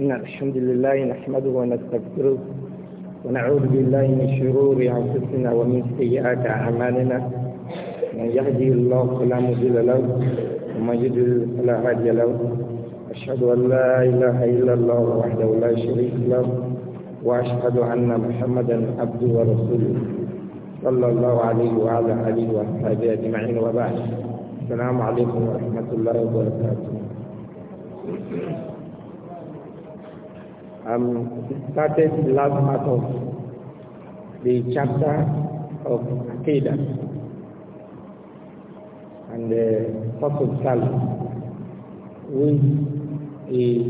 إن الحمد لله نحمده ونستغفره ونعوذ بالله من شرور أنفسنا ومن سيئات أعمالنا من يهدي الله فلا مضل له ومن يضلل فلا هادي له أشهد أن لا إله إلا الله وحده لا شريك له وأشهد أن محمدا عبده ورسوله صلى الله عليه وعلى آله وأصحابه أجمعين وبعد السلام عليكم ورحمة الله وبركاته um, started last part of the chapter of Aqidah and the of Salah, which is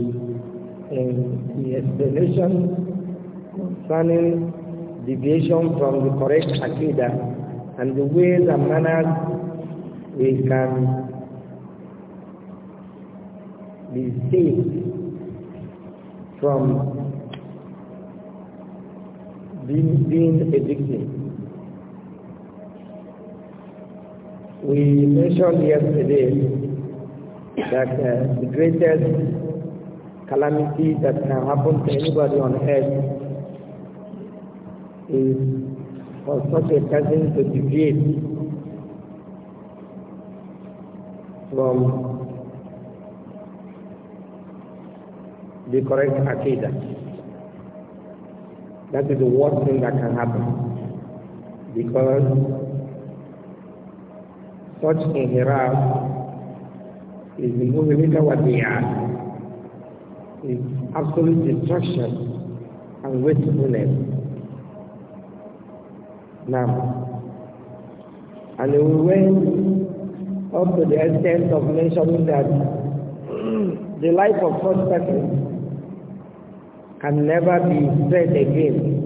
in the explanation concerning deviation from the correct Aqidah and the ways and manners we can be saved from being, being a victim. We mentioned yesterday that uh, the greatest calamity that can happen to anybody on earth is for such a person to deviate from the correct aqidah. That is the worst thing that can happen. Because such inhiraf is the movimenta what we are. Is absolute destruction and wastefulness. Now, and we went up to the extent of mentioning that the life of such person can never be said again.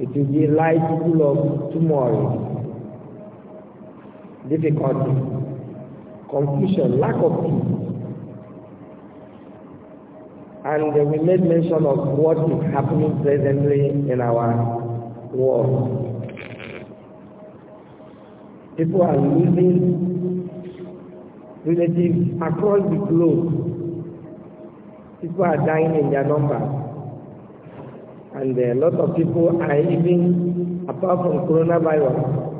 It will be life full of tomorrow, difficulty, confusion, lack of peace. And we made mention of what is happening presently in our world. People are losing relatives across the globe People are dying in their number, And a lot of people are even, apart from coronavirus,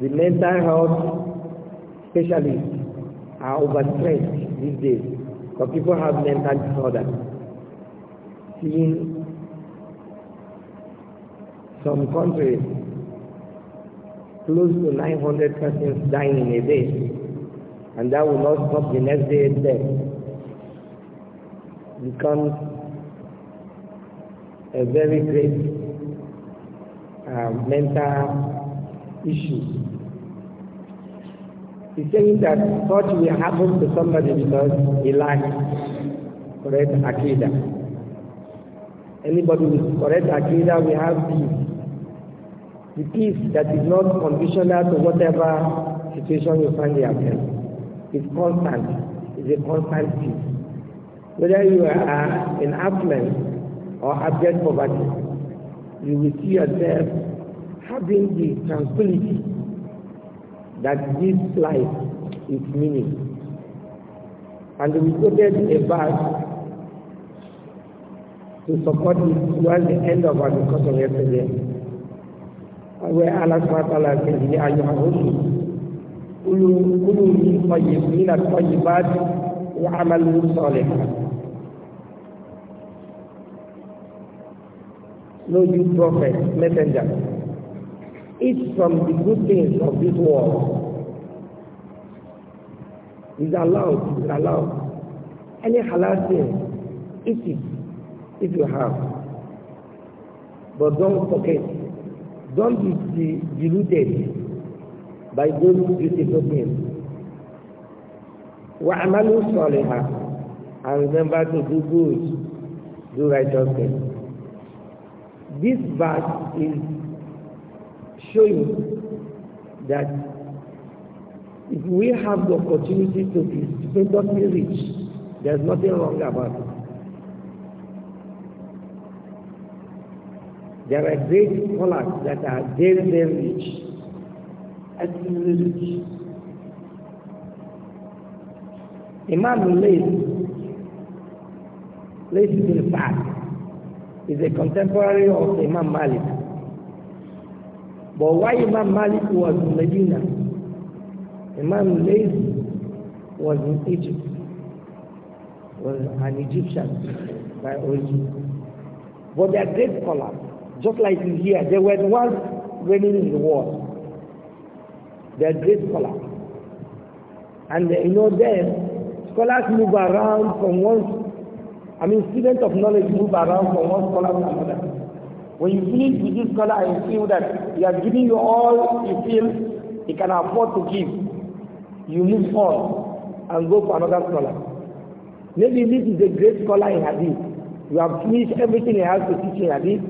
the mental health specialists are overstressed these days because people have mental disorder. In some countries, close to 900 persons dying in a day, and that will not stop the next day's death. becomes a very great uh, mental issue. He's saying that such will happen to somebody because he lacks correct akida. Anybody with correct akida will have peace. The peace that is not conditional to whatever situation you find yourself. It's constant. It's a constant peace whether you are in affluence or abject poverty, you will see yourself having the tranquility that this life is meaning. And we quoted a verse to support it towards the end of our discussion yesterday, where Allah SWT says, Ya ayyuha rusul, kulu min tayyibat wa no Jew prophet, messenger. Eat from the good things of this world. Is allowed, Is allowed. Any halal thing, eat it if you have. But don't forget, don't be deluded by those beautiful things. Wa amalu صَالِحًا And remember to do good, do righteous things. This verse is showing that if we have the opportunity to be stupendously rich, there's nothing wrong about it. There are great scholars that are very, very rich, extremely rich. Imam Layth, Layth bin Sa'd, is a contemporary of Imam Malik. But why Imam Malik was in Medina? Imam Lays was in Egypt, was an Egyptian by origin. But they great scholars, just like in here. They were the ones reigning in the world. They great scholars. And you know them, scholars move around from one I mean, students of knowledge move around from one scholar to another. When you finish with this scholar and feel that he has given you all you feel he can afford to give, you move on and go for another scholar. Maybe this is a great scholar in Hadith. You have finished everything he has to teach in Hadith.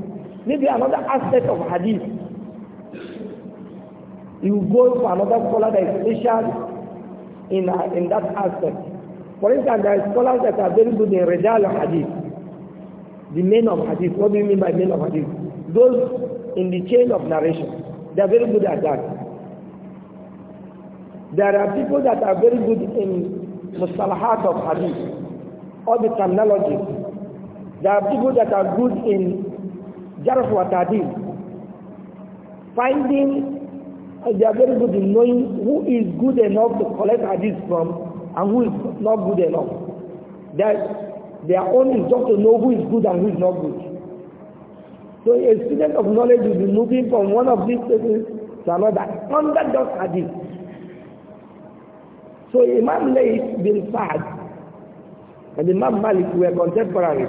Maybe another aspect of Hadith. You go for another scholar that is special in, in that aspect. For instance, there are scholars that are very good in Rijal of Hadith, the men of Hadith. What do you mean by men of Hadith? Those in the chain of narration. They are very good at that. There are people that are very good in Mustalahat of Hadith, all the terminology. There are people that are good in Jarf wa Tadil, finding, they are very good in knowing who is good enough to collect Hadith from and who is not good enough. That their own is just to know who is good and who is not good. So a student of knowledge will be moving from one of these places to another under just hadith. So Imam Layth bin Sa'd and Imam Malik were contemporaries.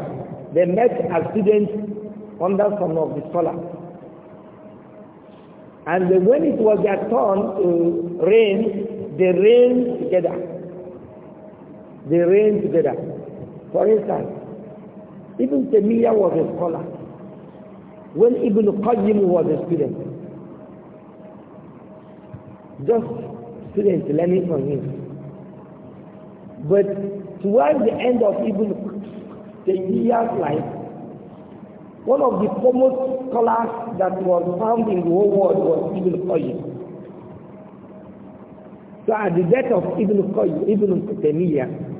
They met as students under some of the scholars. And when it was their turn to reign, they reigned together. They reign together. For instance, Ibn Temiya was a scholar. When Ibn Qayyim was a student, just students learning from him. But towards the end of Ibn Temiya's life, one of the foremost scholars that was found in the whole world was Ibn Qayyim. So at the death of Ibn Qayyim, Ibn Taymiyyah,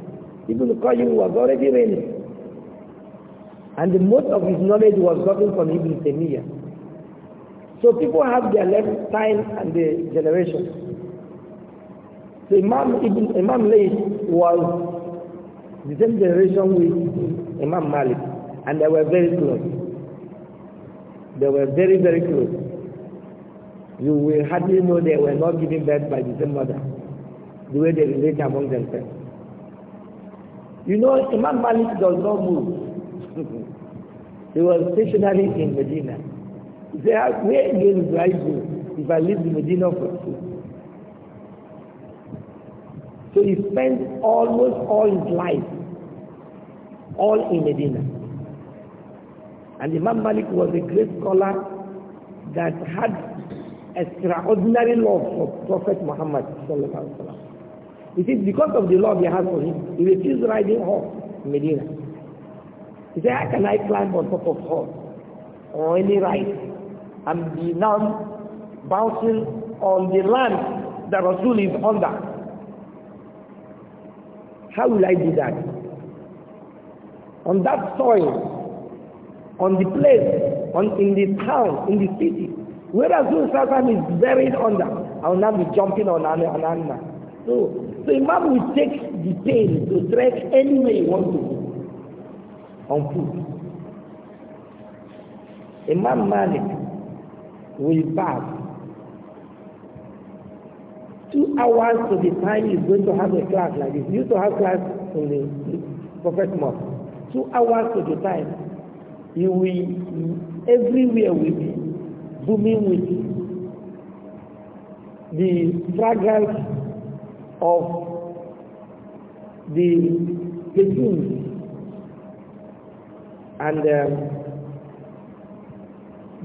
Ibn Qayyim was already reigning. And the most of his knowledge was gotten from Ibn Taymiyyah. So people have their left time and the generation. So Imam Ibn Imam Layth was the same generation with Imam Malik, and they were very close. They were very very close. You will hardly know they were not given birth by the same mother, the way they relate among themselves. You know, Imam Malik does not move. he was stationary in Medina. He said, where again will I go if I leave Medina for two? So he spent almost all his life all in Medina. And Imam Malik was a great scholar that had extraordinary love for Prophet Muhammad sallallahu alaihi wasallam. He says, because of the love he has for him, he refused riding horse in Medina. He said, how can I climb on top of horse or any ride and be now bouncing on the land that Rasul is under? How will I do that? On that soil, on the place, on, in the town, in the city, where Rasul Sassan is buried under, I will now be jumping on an, an animal. so." So Imam will take the pain to drag anywhere he wants to go on foot. Imam Malik will bath two hours to the time he's going to have a class like this. He used to have class in the, the Prophet Mosque. Two hours to the time, he will everywhere will be booming with the fragrance of the Jews and um,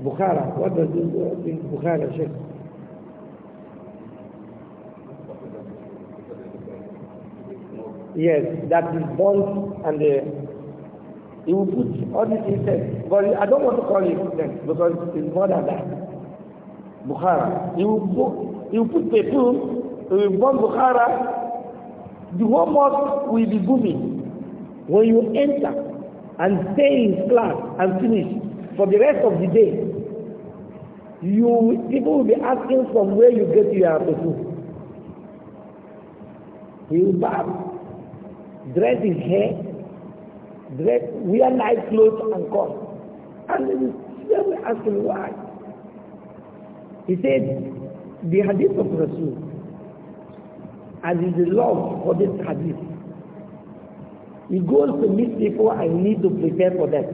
Bukhara. What does this mean, Bukhara, Sheikh? Yes, that is burnt and uh, he will put all these insects. But I don't want to call it insects because it's more than that. Bukhara. He will put, he will put perfume we bomb Bukhara, the whole mosque will be booming. When you enter and stay in class and finish for the rest of the day, you people will be asking from where you get your perfume. He will barb, dress his hair, dress, wear nice clothes and come. And they will ask him why. He said, the hadith of Rasul, And is the love for this hadith. He goes to meet people and need to prepare for them.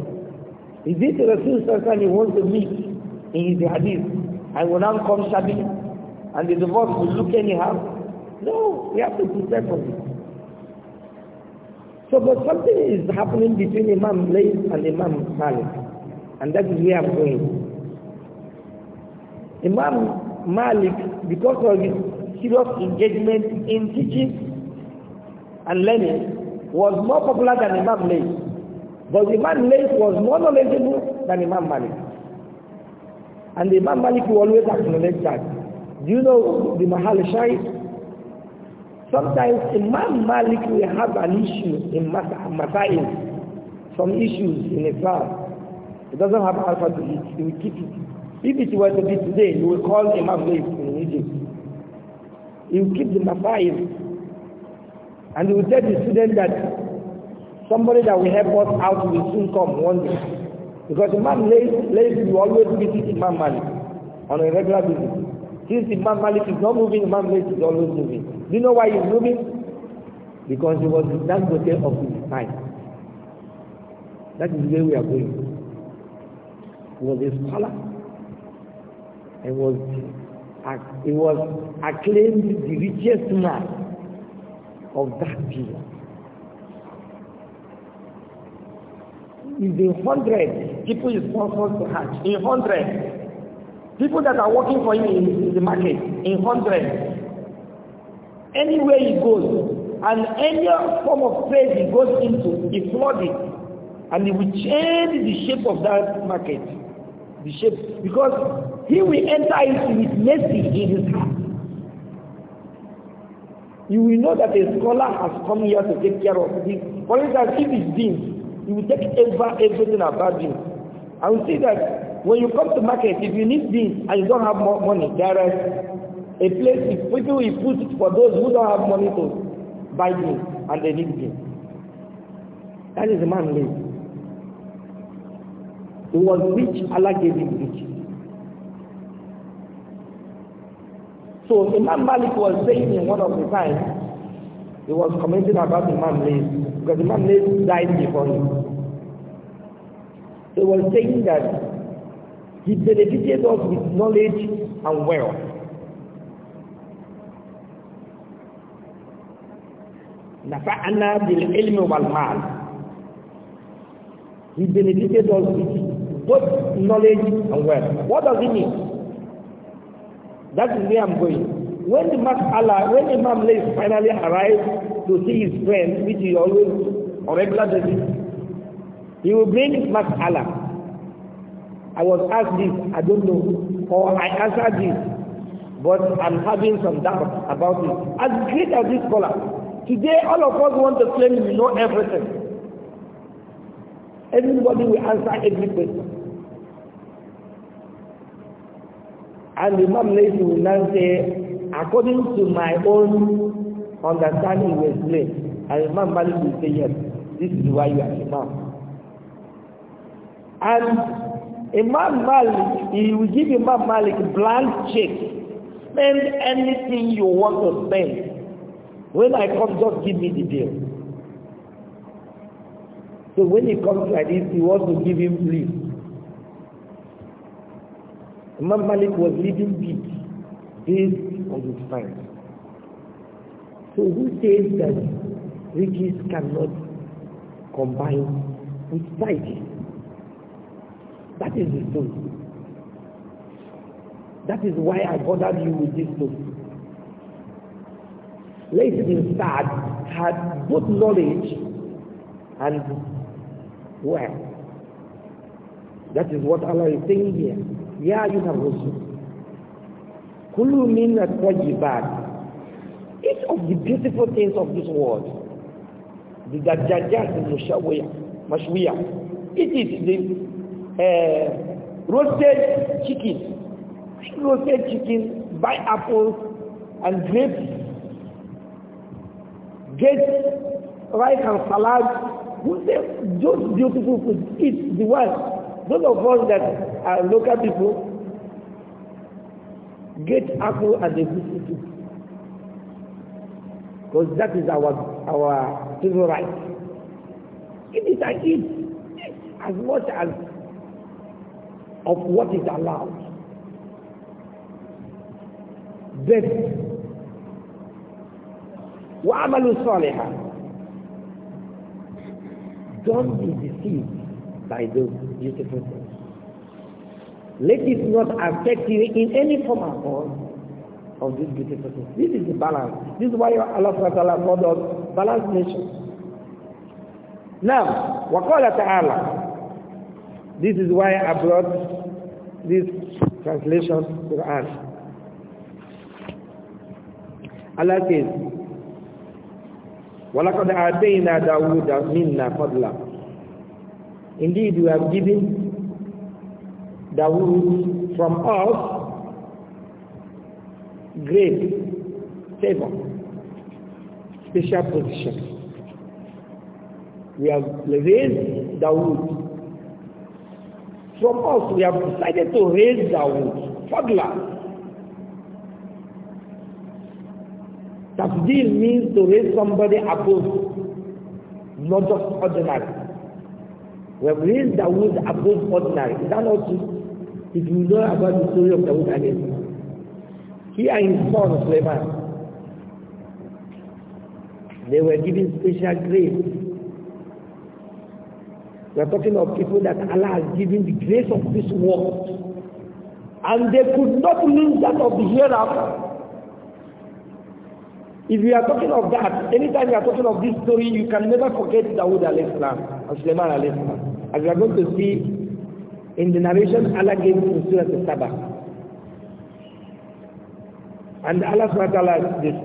Is the Rasul Sassan he wants to meet in his hadith? And will now come shabby and the divorce will look anyhow? No, we have to prepare for this. So but something is happening between Imam Layth and Imam Malik. And that is where I'm going. Imam Malik, because of his serious engagement in teaching and learning was more popular than Imam Malik. But Imam Malik was more knowledgeable than Imam Malik. And Imam Malik will always acknowledge that. Do you know the Mahal Shai? Sometimes Imam Malik will have an issue in Masail, some issues in Islam. It doesn't have alpha to it, he will keep it. If it were to be today, he will call Imam Malik you keep the mafayim. And you will tell the student that somebody that will help us out will soon come one day. Because Imam Lays, you always visit Imam Malik on a regular basis. Since Imam Malik is not moving, Imam Lays is always moving. Do you know why he is moving? Because he was the Dangote of his time. That is where we are going. He was a scholar and was he was acclaimed the richest man of that period. In the hundred, people is sponsored to Hajj. In hundred, people that are working for him in the market. In hundred, anywhere he goes, and any form of trade he goes into, he floods it, and he will change the shape of that market, the shape because He will enter into his mercy in his heart. You will know that a scholar has come here to take care of this. For instance, if it's deans, he will take over everything about you. I will say that when you come to market, if you need beans and you don't have more money, there is a place if people will put it for those who don't have money to buy beans and they need beans. That is a man lived. He was rich, Allah gave him riches. So Imam Malik was saying in one of the times, he was commenting about Imam Malik, because Imam Malik died before him. He was saying that he benefited us with knowledge and wealth. نفعنا بالعلم والمال He benefited us with both knowledge and wealth. What does it mean? That is where I'm going. When the Allah, when Imam Lay finally arrives to see his friend, which he always on regular basis, he will bring Mas Allah. I was asked this, I don't know, or I answered this, but I'm having some doubt about it. As great as this scholar, today all of us want to claim we know everything. Everybody will answer every question. and the Imam Layth will now say, according to my own understanding, will explain. And Imam Malik will say, yes, this is why you are Imam. And Imam Malik, he will give Imam Malik blank check. Spend anything you want to spend. When I come, just give me the bill. So when he comes like this, he wants to give him leave. Imam Malik was leading bid based on his finds. So who says that riches cannot combine with piety? That is the story. That is why I bothered you with this story. Lays bin Sa'd had both knowledge and wealth. That is what Allah is saying here yá ayúdà rọ̀sù kúlù mi nà tọ́jì báàgì each of the beautiful things of this world the dajaja the mushawiya mashwiya it is the uh, roasted chicken roasted chicken buy apples and grapes get rice and salad Who those beautiful food? eat the one Those of us that are local people get apple and they visit Because that is our our civil right. It is I eat as much as of what is allowed. Then, But وعملوا صالحا don't be deceived by those beautiful things. Let it not affect you in any form at all of these beautiful things. This is the balance. This is why Allah SWT called us balanced nation. Now, وَقَالَ تَعَالَى This is why I brought this translation to Quran. Allah says, وَلَقَدْ آتَيْنَا دَاوُودَ مِنَّا فَضْلًا Indeed, you have given Dawood from us great favor, special position. We have raised Dawood. From us, we have decided to raise Dawood, Fadla. Tafdil means to raise somebody above, not just ordinary. We have raised Dawood above ordinary. Is that not true? If you know about the story of the Dawood again. He and his son Suleiman, they were given special grace. We are talking of people that Allah has given the grace of this world. And they could not lose that of the hereafter. If we are talking of that, anytime we are talking of this story, you can never forget the Dawood al-Islam of Sulaiman alayhi salam. As we are going to see in the narration Allah gave in Surah Al-Sabah. And Allah SWT is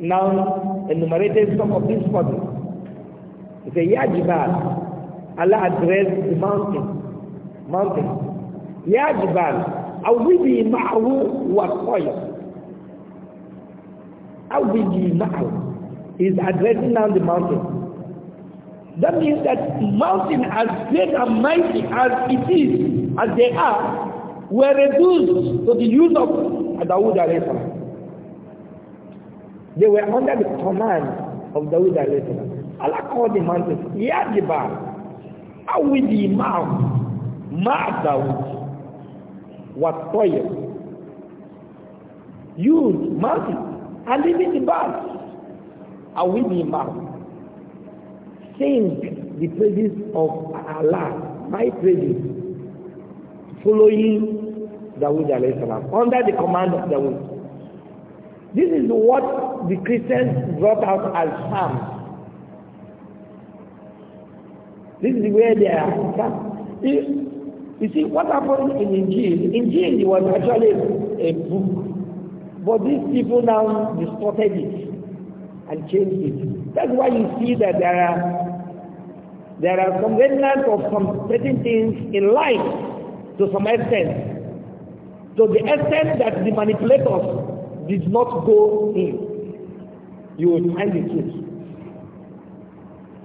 now enumerated some of these problems. He said, Ya Jibal, Allah addressed the mountain. Mountain. Ya Jibal, awidi ma'ahu wa soil. Awidi ma'ahu. He is addressing now the mountain. That means that mountain as great and mighty as it is, as they are, were reduced to the use of Dawood alayhi salam. They were under the command of Dawood alayhi salam. Allah called the mountains, Yadibar, Awidi Ma'am, Ma'am Dawood, Watoyah, Yud, mountain, and bars. the birds, the Imam? sing the praises of Allah by praises following Dawood alayhi salam under the command of Dawood. This is what the Christians brought out as Psalms. This is where they are. You, you see, what happened in Injil, Injil was actually a book, but these people now distorted it and changed it. That's why you see that there are There are some remnants of some certain things in life to some extent. To the extent that the manipulators did not go in, you will find the truth.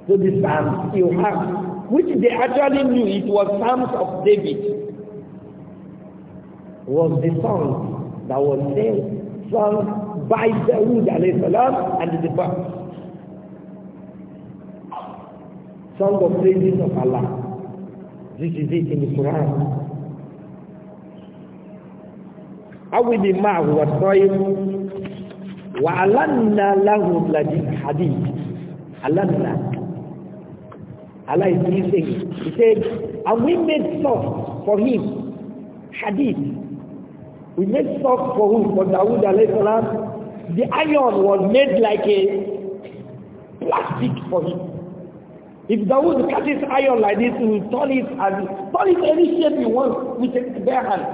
So the Psalms you have, which they actually knew it was Psalms of David, was the song that was sung by Dawood alayhi and the Psalms. song of praises of Allah. This is it in the Quran. أول ما هو الطيب وعلنا له الحديد علنا Allah is using it. He said, and we made soft for him, hadith. We made soft for him For Dawood alayhi salam. The iron was made like a plastic for him. If Dawood catches iron like this, he will turn it and turn it any shape he wants with his bare hand.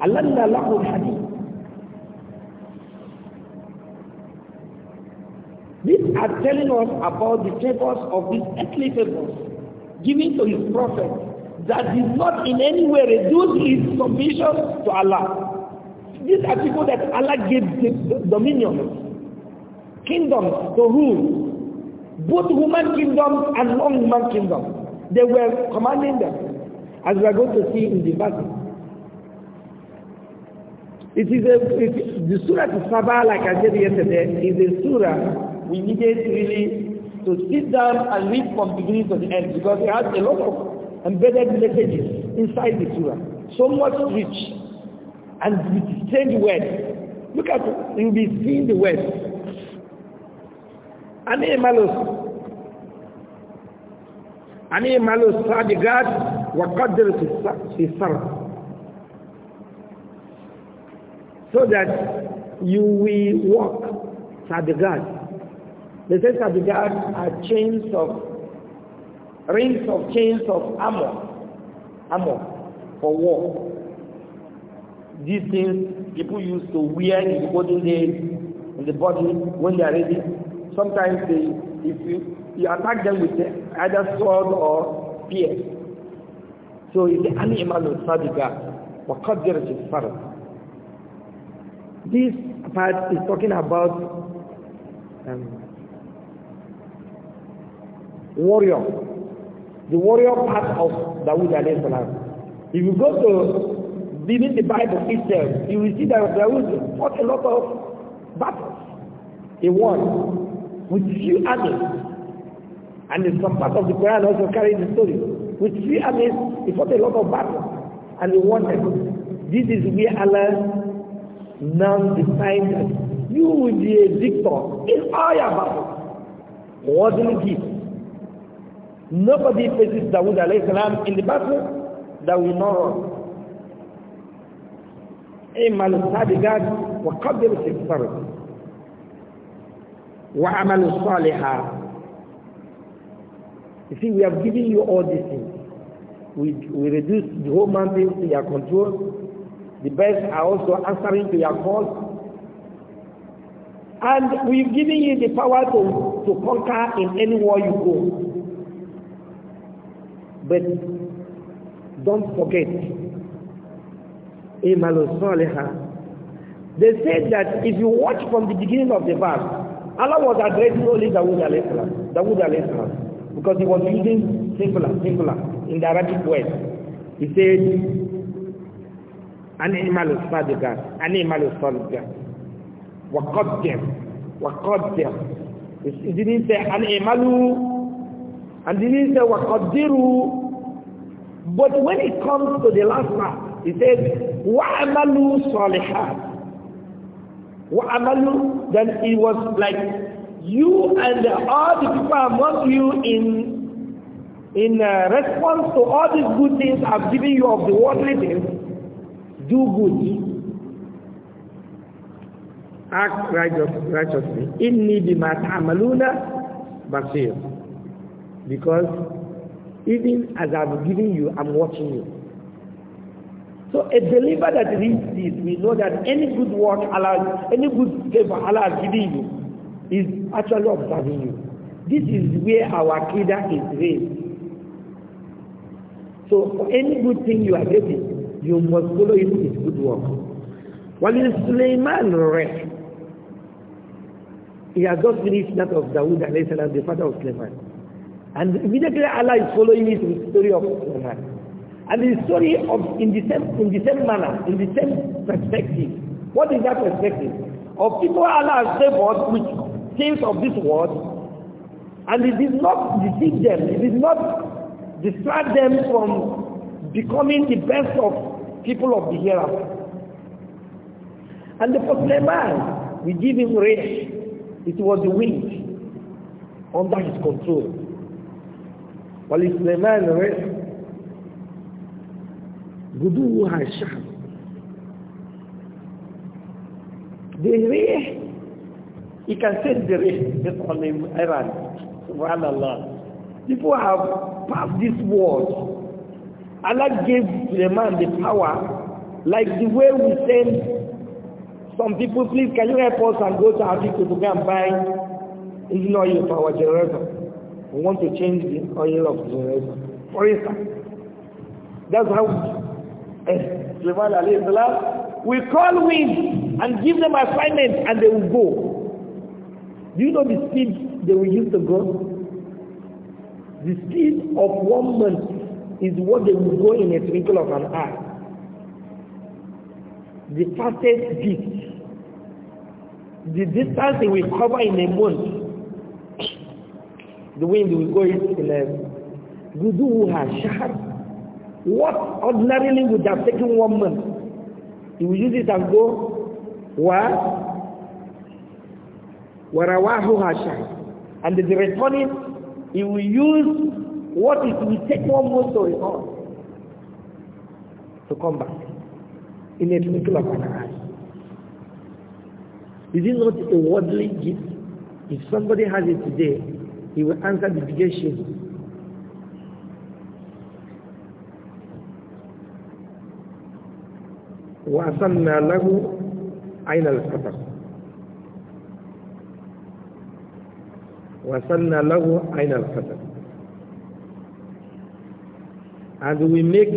Allah lahu hadi. These are telling us about the tables of this earthly favors given to his prophet that did not in any way reduce his submission to Allah. These are people that Allah gave dominion, kingdom to rule, both human kingdom and non-human kingdom, They were commanding them, as we are going to see in the verse. It is a, it, the surah to Sabah, like I said yesterday, is a surah we needed really to sit down and read from beginning to the end because it has a lot of embedded messages inside the surah. So much rich and with strange words. Look at it, you'll be seeing the words ani malus ani malus sadiqat wa qadr fi sar, so that you will walk sadiqat they say sadiqat are chains of rings of chains of armor armor for war these things people used to wear in the olden days in the body when they are ready Sometimes they, if you, you attack them with either sword or spear. So it's the animal of sadika, waqaddir jisfar. This part is talking about um, warrior. The warrior part of Dawood alayhi salam. If you go to reading the Bible itself, you will see that Dawood fought a lot of battles. He won with few armies. And it's some part of the Quran also carries the story. With few armies, he fought a lot of battles and he won them. This is where Allah now decides that you will be a victor in all your battles. Wasn't do you give? Nobody faces Dawood alayhi salam in the battle that will not run. إما للصادقات وقدر في الصرف wa amalu salihah. You see, we have given you all these things. We, we reduce the whole mountains to your control. The birds are also answering to your calls. And we've given you the power to, to conquer in any war you go. But don't forget, Imalu They said that if you watch from the beginning of the verse, Allah was addressing only Dawood alayhi salam, Dawood alayhi salam, because he was using singular, singular, in the Arabic word. He said, an animal is sadiqa, an animal is sadiqa. Waqaddim, waqaddim. He didn't say animalu, imalu, and didn't say waqaddiru. But when it comes to the last part, he says, wa'amalu salihat. وعملوا then it was like you and all the people among you in in uh, response to all these good things I've given you of the worldly things do good act righteous, righteously inni bima ta'maluna basir because even as I've given you I'm watching you So a believer that reads this we know that any good work Allah, any good favor Allah has given you is actually observing you. This is where our kida is raised. So for any good thing you are getting, you must follow it with good work. While in Sulaiman read, he has just finished that of Dawood alayhi salam, the father of Sulaiman. And immediately Allah is following it with the story of Sulaiman. And the story of in the same in the same manner, in the same perspective. What is that perspective? Of people Allah has favored with things of this world, and it did not deceive them, it did not distract them from becoming the best of people of the hereafter. And the man, we give him rest. It was the wind under his control. Well, man, rest غدوها الشهر the way you can sense the rain that's on Iran subhanallah people have passed this world Allah gave to the man the power like the way we send some people please can you help us and go to Africa to go and buy engine oil for our generator we want to change the oil of the generator for instance that's how Eh, Sulaiman alayhi salam, we call wind and give them assignment and they will go. Do you know the speed they will use to go? The speed of one month is what they will go in a twinkle of an eye. The fastest beast, the distance they will cover in a month, the wind will go in a guduha shahar What ordinarily would have taken one month, he will use it and go, where? Warawahu Hashai. And the returning, he will use what it will take one month or all to come back in a twinkle of an eye. Is it not a worldly gift? If somebody has it today, he will answer the obligation وأصلنا له عين السفر وأصلنا له عين السفر and we make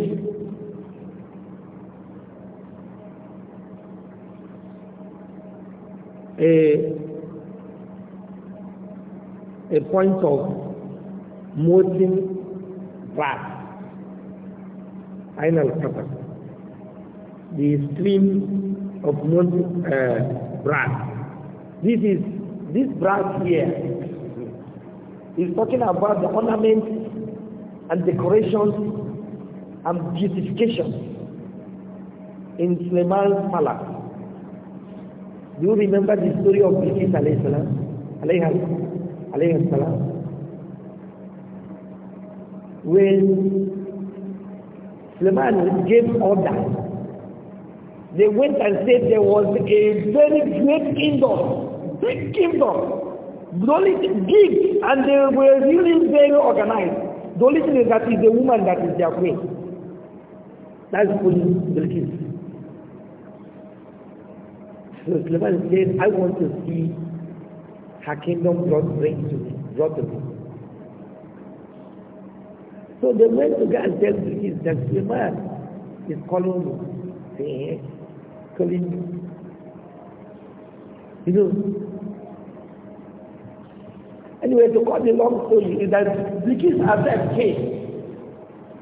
a a point of molten brass, iron copper. the stream of Mount uh, Brass. This is this brass here is talking about the ornaments and decorations and beautifications in Suleiman's palace. Do you remember the story of Bilqis alayhi salam? Alayhi salam. When Suleiman gave order they went and said there was a very great kingdom, big kingdom, the only big, and they were really very organized. The only thing is that is the woman that is their queen. That's Queen king. So Suleiman said, I want to see her kingdom brought, bring to me, brought to me. So they went to go and tell Bilkis that Suleiman is calling me, saying, clean you anyway to cut the long story is that Bilkis herself came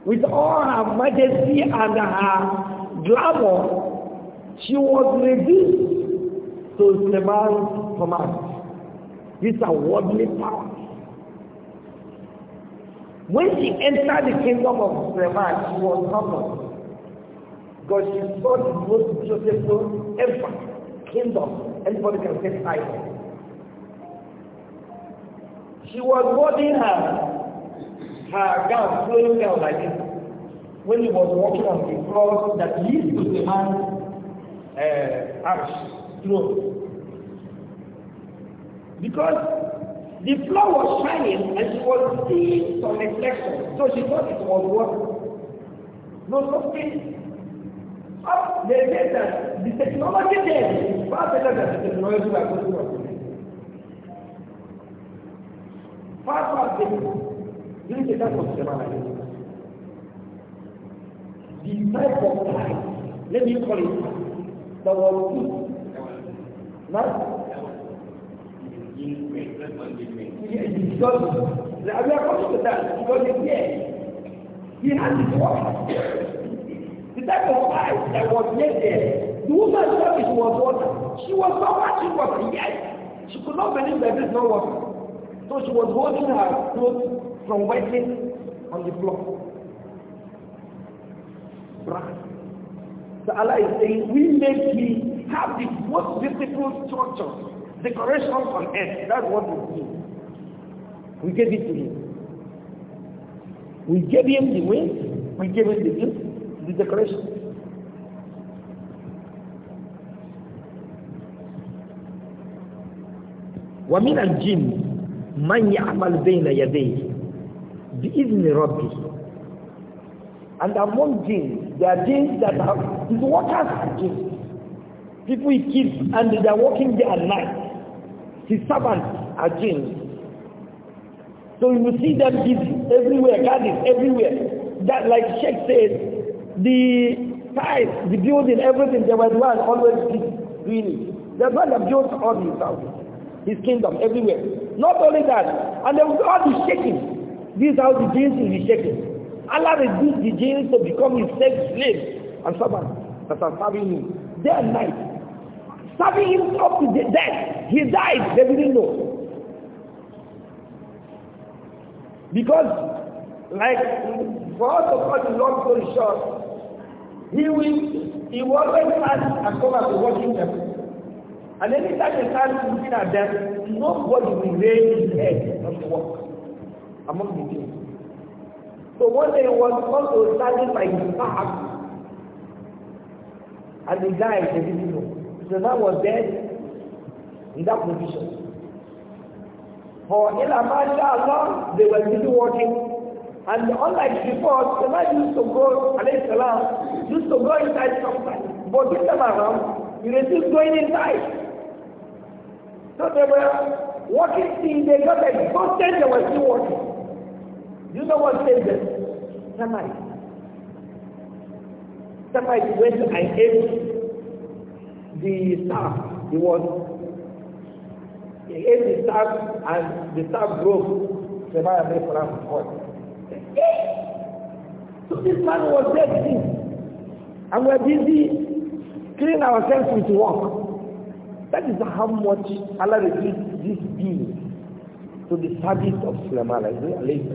with all her majesty and her glamour she was reduced to Seman's command these a worldly power. when she entered the kingdom of Seman she was humble Because she saw the most beautiful ever kingdom anybody can take side of. She was holding her her gown flowing down like this when he was walking on the cross that leads to the man's uh, arch throne. Because the floor was shining and she was seeing some reflection. So she thought it was water. No, something the data, the technology there is far better than the technology we are going que work with. Far, far better. During the time of Shemana, the type of time, let me call it, that was put. Now, yeah, because we are coming to that because yes, he has his work. The type of that was laid there, the woman thought it was water. She was not watching water yet. She could not believe that this no water. So she was holding her clothes from wetting on the floor. Right. So Allah is saying, we make him have the most beautiful structure, decoration on earth. That's what we do. We gave it to him. We gave him the wind. we gave him the gift, the decoration. ومن الجن من يعمل بين يديه بإذن ربه and among jeans, there are jeans that have his workers jeans. people he keeps and they are working day and night his servants are jeans. so you will see them busy everywhere gardens everywhere that like sheikh said the size, the building everything they were the one always busy really that's why they built all these houses his kingdom everywhere. Not only that, and they God is shaking. This is how the genes will be shaking. Allah reduced the genes to become his sex slaves and servants that are serving him day and night. Serving him up to the death. He died, they didn't know. Because, like, for us to cut the Lord story short, he will, he will always ask as long as he's watching them. And anytime they start looking at them, nobody will raise his head not to work among the people. So one day was also standing by his back, and the guy, they didn't know. The man was dead in that position. For in alone, they were still walking, and unlike before, Salah used to go, alayhi salam, used to go inside sometimes. But this time around, he was just going inside. So they were working till they got exhausted, they were still working. You know what saved them? Termites. Termites went and ate the staff. He was, he ate the staff and the staff broke. Jeremiah made for us So this man was dead sick. And we're busy cleaning ourselves with work. That is how much Allah reduced this being to the service of Sulaiman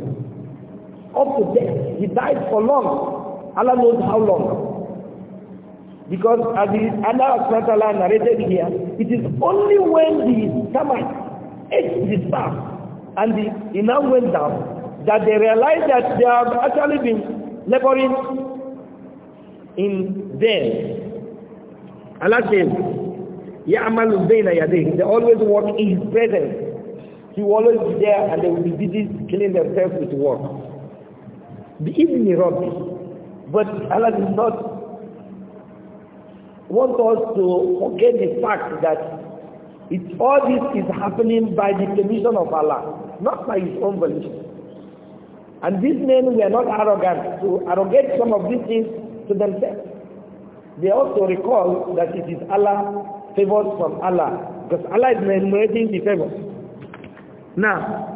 Up to death, he died for long. Allah knows how long. Because as Allah SWT narrated here, it is only when the termites ate the staff and the imam went down that they realized that they have actually been laboring in death. Allah says, يَعْمَلُ بَيْنَ يَدَيْهِ They always work in His presence. He will always be there and they will be busy killing themselves with work. بِإِذْنِ رَبِّ But Allah does not want us to forget the fact that it, all this is happening by the permission of Allah, not by His own volition. And these men were not arrogant to arrogate some of these things to themselves. They also recall that it is Allah favors from Allah because Allah is enumerating the favors now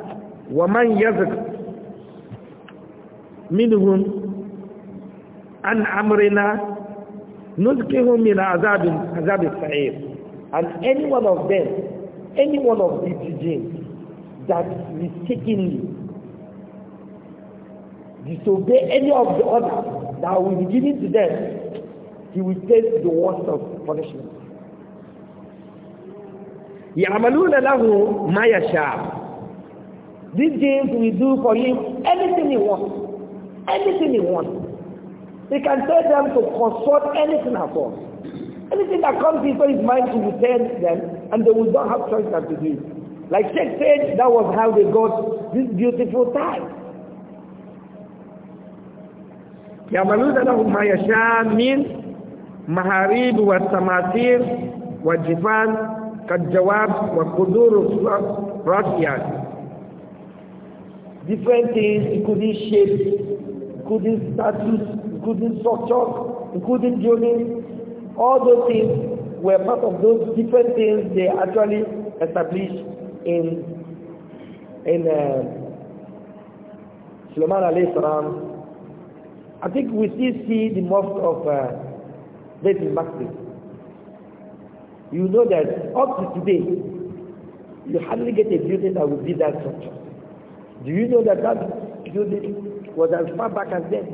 وَمَنْ يَزْكْ مِنْهُمْ أَنْ أَمْرِنَا نُذْكِهُمْ مِنْ عَذَابٍ عَذَابِ السَّعِيرِ and any one of them any one of the jinn that mistakenly disobey any of the others that will be given to them, he will taste the worst of punishment. Ya'maluna lahu ma yasha. These things we do for him anything he wants. Anything he wants. We can tell them to consult anything at all. Anything that comes into his mind, he will tell them, and they will not have choice than to do it. Like Sheikh said, that was how they got this beautiful tie. يعملون لهم ما يشاء من محاريب والتماثيل والجفان كالجواب وقدور رأسيا different things including shape including status including structure including building all those things were part of those different things they actually established in in uh, alayhi salam I think we still see the most of uh, Beit al-Maqdis you know that up to today, you hardly get a building that would be that structure. Do you know that that building was as far back as then?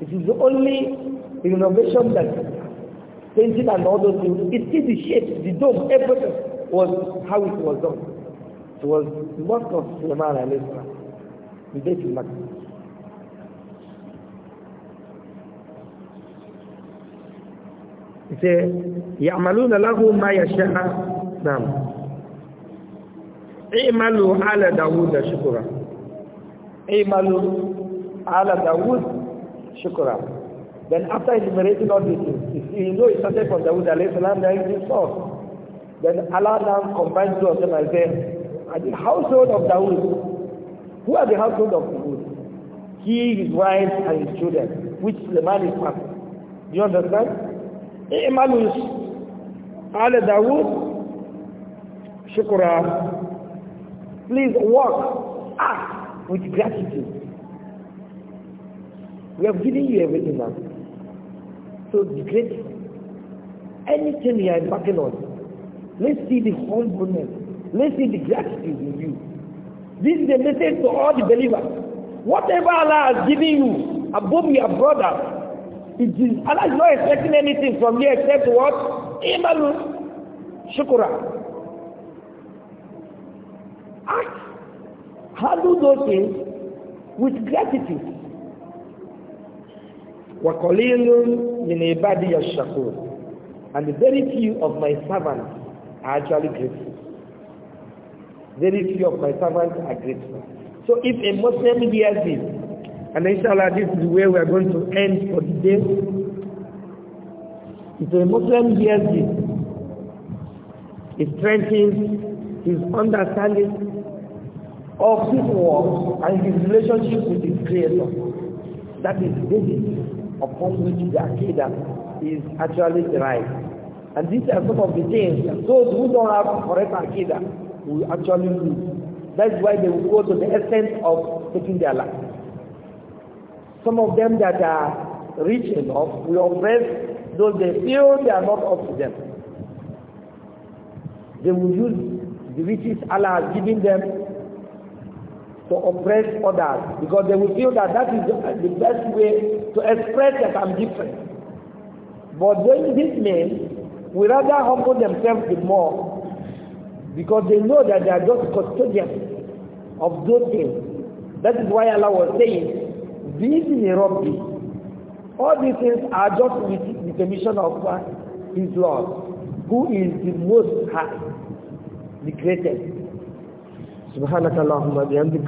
It is the only innovation that painting and all those things, it still the shape, the dome, everything was how it was done. It was the work of Sulaiman alayhi salam, the day to Makkah. ce ya'maluna lahu ma yasha'a na'am i'malu ala daud shukra i'malu ala daud shukra then after he enumerating all these things you know he started from daud alayhi salam there is this then Allah now combines two of them and says at the household of Dawood who are the household of Dawood he his wife and his children which the man is part do you understand اعملوا على داود شكرا please work act with gratitude we have given you everything now so be grateful anything you are embarking on let's see the humbleness let's see the gratitude in you this is a message to all the believers whatever Allah has given you above your brothers It Allah is not expecting anything from you except what? Imalu Shukura. Act. Handle those things with gratitude. وَقَلِيلٌ مِنْ عِبَادِيَ الشَّكُورِ And very few of my servants are actually grateful. Very few of my servants are grateful. So if a Muslim hears this, And inshallah, this is where we are going to end for the day. If a Muslim hears this, it strengthens his understanding of his world and his relationship with his Creator. That is the basis upon which the Aqidah is actually derived. And these are some of the things that those who don't have correct Aqidah will actually lose. That's why they will go to the essence of taking their life. Some of them that are rich enough will oppress those they feel they are not up to them. They will use the riches Allah has given them to oppress others because they will feel that that is the uh, best way to express that I'm different. But doing this means we rather humble themselves the more because they know that they are just custodians of those things. That is why Allah was saying, بإذن ربي all these things are just with the permission of God, uh, His Lord, who is the most high, the greatest. سبحانك Allahumma وبحمدك